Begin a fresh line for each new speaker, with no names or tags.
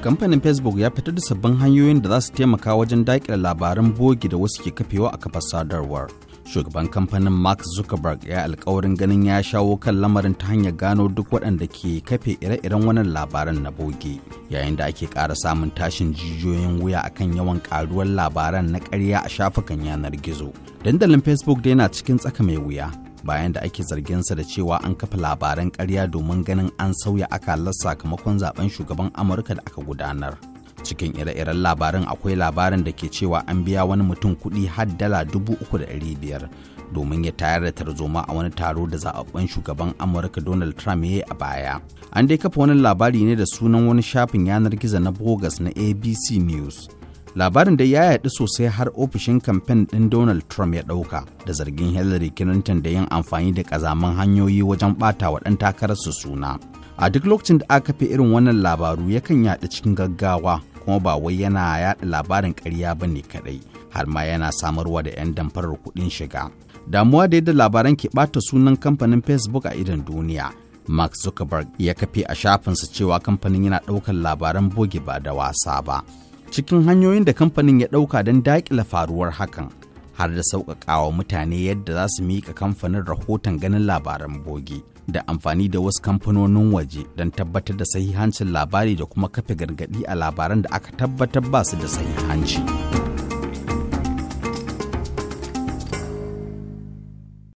kamfanin facebook ya fitar da sabbin hanyoyin da za su taimaka wajen daƙile labaran bogi da wasu ke kafewa a kafar sadarwar shugaban kamfanin mark zuckerberg ya alkawarin ganin ya shawo kan lamarin ta hanyar gano duk waɗanda ke kafe ire-iren wannan labaran na boge yayin da ake ƙara samun tashin jijiyoyin wuya akan yawan ƙaruwar labaran na ƙarya a shafukan yanar gizo dandalin facebook dai yana cikin tsaka mai wuya bayan da ake zargin sa da cewa an kafa labaran ƙarya domin ganin an sauya akalar sakamakon zaben shugaban amurka da aka gudanar cikin ire-iren labarin akwai labarin da ke cewa an biya wani mutum kuɗi har dala dubu uku da ɗari biyar domin ya tayar da tarzoma a wani taro da zaɓaɓɓen shugaban amurka donald trump ya yi a baya an dai kafa wani labari ne da sunan wani shafin yanar gizo na bogus na abc news labarin da ya yaɗu sosai har ofishin kamfen ɗin donald trump ya ɗauka da zargin hillary clinton da yin amfani da ƙazaman hanyoyi wajen ɓata wa ɗan takararsu suna a duk lokacin da aka fi irin wannan labaru yakan yaɗu cikin gaggawa kuma ba wai yana yaɗa labarin ƙarya ba ne kaɗai har ma yana samarwa da 'yan damfarar kuɗin shiga damuwa da yadda labaran ke ɓata sunan kamfanin facebook a idan duniya Mark Zuckerberg ya kafe a shafinsa cewa kamfanin yana ɗaukar labaran boge ba da wasa ba. cikin hanyoyin da kamfanin ya ɗauka don daƙila faruwar hakan har da sauƙaƙawa mutane yadda za su miƙa kamfanin rahoton ganin labaran bogi da amfani da wasu kamfanonin waje don tabbatar da sahihancin labari da kuma kafe gargaɗi a labaran da aka tabbatar ba su da sahihanci.